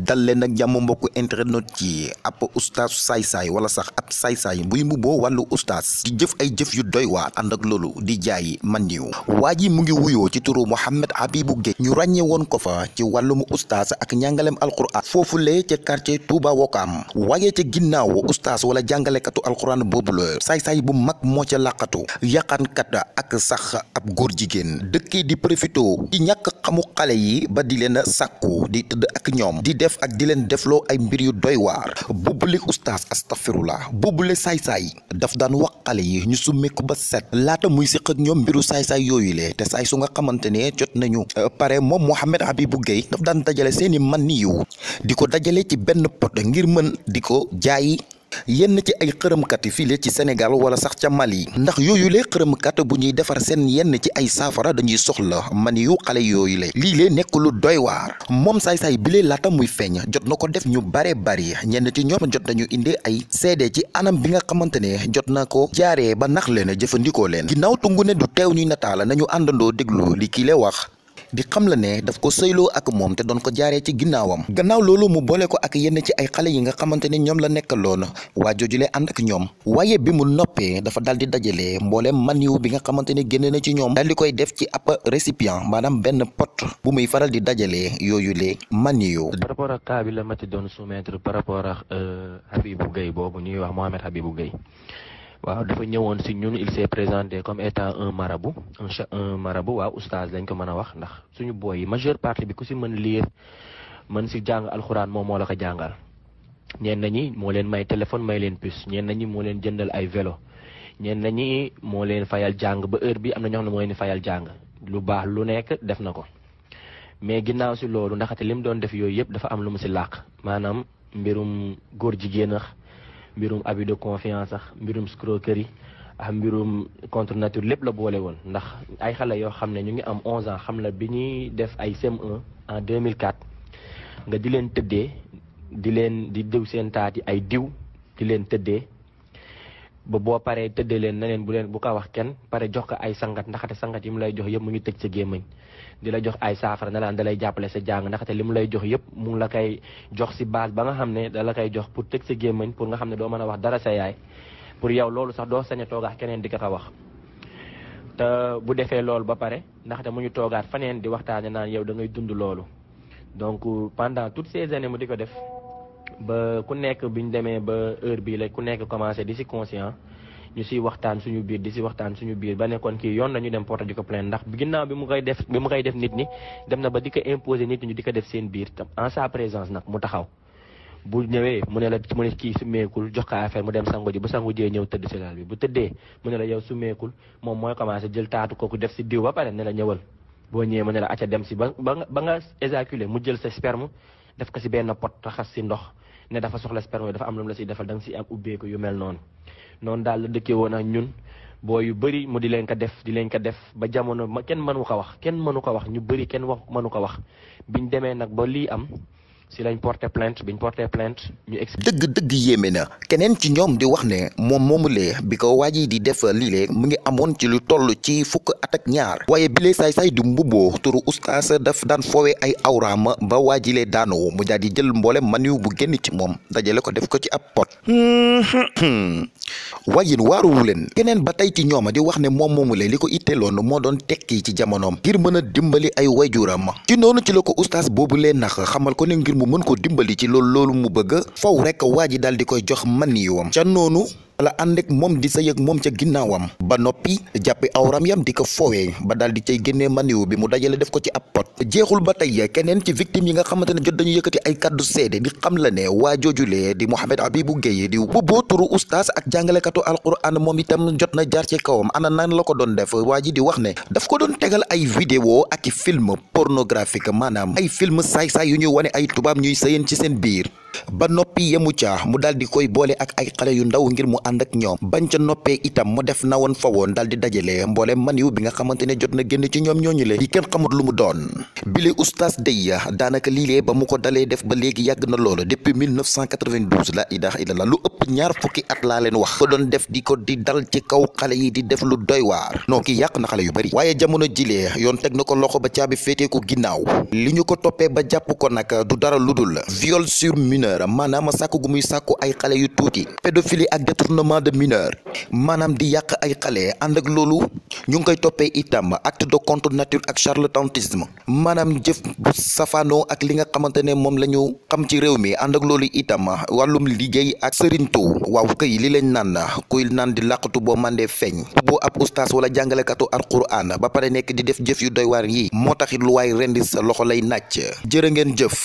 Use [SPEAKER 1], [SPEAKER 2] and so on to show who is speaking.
[SPEAKER 1] dal leen ak jàmm mbokk internet yi ab oustaz saay-saay wala sax ab saay-saay buy mbuboo wàllu oustaz di jëf ay jëf yu doy waa ànd ak loolu di jaay man niw waa ji mu ngi wuyoo ci turu Mohammed Habibou Gueye ñu ràññe woon ko fa ci wàllum oustaz ak njàngalem alquran foofulee ca quartier Touba am waaye ca ginnaaw oustaz wala jàngalekatu alquran boobu la saay-saay bu mag moo ca làqatu yàqaankat ak sax ab góor jigéen dëkkee di profito di ñàkk xamu xale yi ba di leen sàkku di tëdd ak ñoom def ak di leen defloo ay mbir yu doy waar bubbule oustaz bu bubbule saay-saay daf daan wax xale yi ñu summeeku ba set laata muy siq ak ñoom mbiru saay-saay yooyu le te saay su nga xamante ne jot nañu euh, pare moom Mouhamed Habibou géey daf daan dajale seeni man niyu di ko dajale ci benn pot ngir mën di ko jaayi yenn ci ay xërëmkat yi file ci Sénégal wala sax ca Mali ndax yooyu le xërëmkat bu ñuy defar seen yenn ci ay saafara dañuy soxla man yu xale yooyu le lii lee nekk lu doy waar moom saay-saay bile laata muy feeñ jot na ko def ñu bare bari ñenn ci ñoom jot nañu indi ay seede ci anam bi nga xamante ne jot na ko jaaree ba nax leen a jëfandikoo leen ginnaaw tungu ne du teew ñuy nataala nañu àndandoo déglu li kii le wax di xam la ne daf ko sëyloo ak moom te doon ko jaaree ci ginnaawam gannaaw loolu mu boole ko ak yenn ci ay xale yi nga xamante ne ñoom la nekkaloon waa joojulee ànd ak ñoom waaye bi mu noppee dafa daal di dajale mbooleem maniw bi nga xamante ne génne na ci ñoom daal di koy def ci ab récipient maanaam benn pot bu muy faral di dajale yooyu le maniw par
[SPEAKER 2] rapport ak cas bi la ma ci doon soumettre par rapport ak euh, Habibou Gueye boobu ñuy wax Mohamed Habibou Gueye waaw dafa ñëwoon si ñun il s'est présenté comme étant un marabout un un bu waaw oustaz lañ ko mën a wax ndax suñu booy yi majeure partie bi ku si mën lire mën si jàng alxuraan moom moo la ko jàngal. ñeen nañi moo leen may téléphone may leen puce ñeen nañi moo leen jëndal ay vélo ñeen nañi moo leen fayal jàng ba heure bi am na ñoo xam ne moo leen fayal jàng lu baax lu nekk def na ko mais ginnaaw si loolu ndaxte li mu doon def yooyu yëpp dafa am lu mu si làq maanaam mbirum góor jigéen mbirum abus de confiance sax mbirum escroquerie ah mbirum contre nature lépp la boole woon ndax ay xale yoo xam ne ñu ngi am 11 ans xam la bi ñuy def ay CM1 en 2004 nga di leen tëddee di leen di diw seen taat yi ay diw di leen tëddee. ba boo paree tëddee leen na leen bu leen bu ko wax kenn pare jox ko ay sangat ndaxate sangat yi mu lay jox yëpp mu ngi tëj sa gémmiñ di la jox ay saafara na laan da jàppale sa jàng ndaxate li mu lay jox yëpp mu la koy jox si base ba nga xam ne da la koy jox pour tëj sa gémmiñ pour nga xam ne doo mën a wax dara sa yaay pour yow loolu sax doo sañ a toogaat keneen di ka ka wax te bu defee loolu ba pare ndaxte mu ngi toogaat faneen di waxtaane naan yow da ngay dund loolu donc pendant toutes ces années mu di ko def ba ku nekk ñu demee ba heure bii la ku nekk commencé di si conscient ñu siy waxtaan suñu biir di si waxtaan suñu biir ba nekkoon kii yoon nañu dem porte di ko plainte ndax ginnaaw bi mu koy def bi koy def nit ñi dem na ba di ko imposer nit ñi di ko def seen biir tam en sa présence nag mu taxaw bu ñëwee mu ne la mu ne kii summeekul jox ko affaire mu dem sangu ji bu sangu jee ñëw tëdd si laal bi bu tëddee mu ne la yow summeekul moom mooy commencé jël taatu kooku def si diw ba pare ne la ñëwal boo ñëwee mu ne la acca dem si ba ba nga éjaculer mu jël sa sperme def ko si benn pot raxas si ndox ne dafa soxla sperme dafa am lu mu si defal da nga si am ubbeeku yu mel noonu noonu daal la dëkkee woon ak ñun boo yu bëri mu di leen ko def di leen ko def ba jamono ma kenn mënu ko wax kenn mënu ko wax ñu bëri kenn wax mënu ko wax bi ñu demee nag ba lii am si lañ porté plainte biñ porté plainte dëgg dëgg yéeme
[SPEAKER 1] na keneen ci ñoom di wax ne moom moomulee bi ko waa ji di def lii mu ngi amoon ci lu toll ci fukk at ak ñaar waaye bile saay-saay di mbubboo turu ustaas daf daan foowe ay awraama ba waa jilee daanoo mu daal di jël mboole maniw bu génn ci moom dajale ko def ko ci ab pot. Hmm, hmm, hmm.
[SPEAKER 2] waayin waaruwu leen
[SPEAKER 1] keneen ba tey ci ñooma di wax ne moom moomu leen li ko itteeloon moo doon tekki ci jamonoom ngir mën dimbali ay wayjuram ci noonu ci la ko ustaas boobu leen nax xamal ko ne ngir mu mën koo dimbali ci loolu loolu mu bëgg faw rekk waa ji daal di koy jox man yi woom ca noonu la ànd ak moom di sa yëg moom ca ginnaawam ba noppi jàppi awram yam di ko foowee ba daal di cay génnee maniwu bi mu dajale def ko ci ab pot jeexul ba tey keneen ci victime yi nga xamante ne jot dañu yëkkati ay kàddu seede di xam la ne waa joojulee di Mouhamed Abibou Gueye di bubboo turu oustaz ak jàngalekatu alquran moom itam jot na jaar ci kawam ana la ko doon def waa ji di wax ne daf ko doon tegal ay vidéo ak i film pornographique maanaam ay film saay-saay yu ñuy wane ay tubaab ñuy sëyeen ci seen biir ba noppi yemu ca mu daal ànd ak ñoom bañ ca noppee itam mu def na woon fa woon daal di dajale maniw bi nga xamante jot na génn ci ñoom ñooñu le yi kenn xamut lu mu doon bile oustaz dey daanaka lii lee ba mu ko dalee def ba léegi yàgg na loolu depuis 1992 la ilaha illallah lu ëpp ñaar fukki at laa leen wax ko doon def di ko di dal ci kaw xale yi di def lu doy waar noo ki yàq na xale yu bari waaye jamono jilee yoon teg na ko loxo ba caabi féeteeku ginnaaw li ñu ko toppee ba jàpp ko nag du dara lu dul viole sur mineur maanaam sàkk gu muy sàkku ay xale yu tuuti pédophilie ak détournement de mineur maanaam di yàq ay xale ànd ak loolu ñu ngi koy toppee itam acte de contre nature ak charlatanisme maanaam jëf bu safaanoo ak li nga xamante ne moom la ñu xam ci réew mi ànd ak loolu itam wàllum liggéey ak sëriñtu waaw këy li leen naan kuy naan di làqatu boo mandee feeñ boo ab ustaas wala jàngalekatu alquran ba pare nekk di def jëf yu doy waar yi moo taxit lu waay rendi sa loxo lay nàcc jërë ngeen jëf